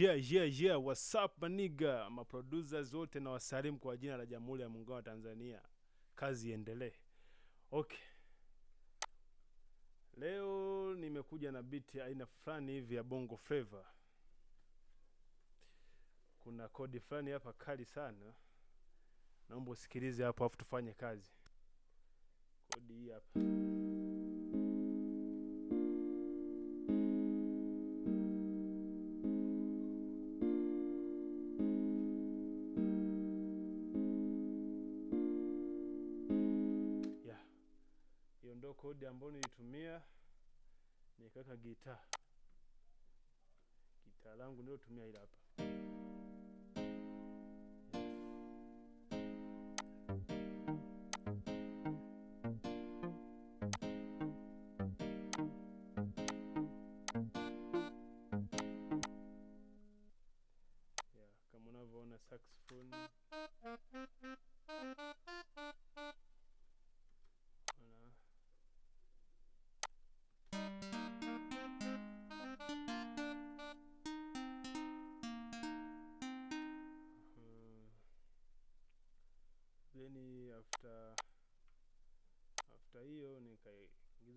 Yeah, yeah, yeah. What's up maniga, maproducers wote na wasalimu kwa jina la Jamhuri ya Muungano wa Tanzania, kazi iendelee. Okay, leo nimekuja na biti aina fulani hivi ya bongo flava. Kuna kodi fulani hapa kali sana, naomba usikilize hapo, afu tufanye kazi. Kodi hii hapa ndo kodi ambayo nilitumia nikaweka gitaa. Gitaa langu ndio tumia hili hapa. Yeah, kama unavyoona saxophone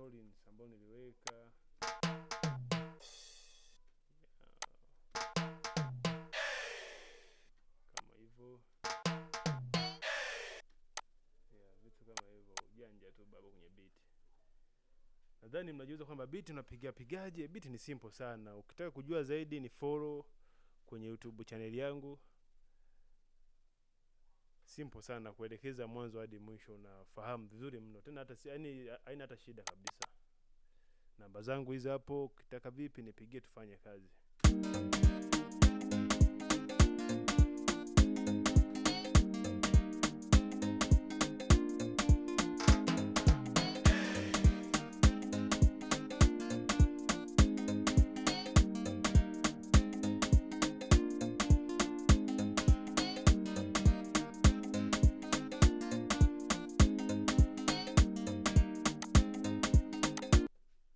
Rollins ambayo niliweka kama hivyo yeah, vitu kama hivyo, ujanja tu baba kwenye beat. Nadhani mnajiuliza kwamba beat unapiga pigaje? Beat ni simple sana. Ukitaka kujua zaidi, ni follow kwenye YouTube channel yangu simple sana, kuelekeza mwanzo hadi mwisho, unafahamu vizuri mno tena, hata yani haina hata shida kabisa. Namba zangu hizi hapo, ukitaka vipi nipigie, tufanye kazi.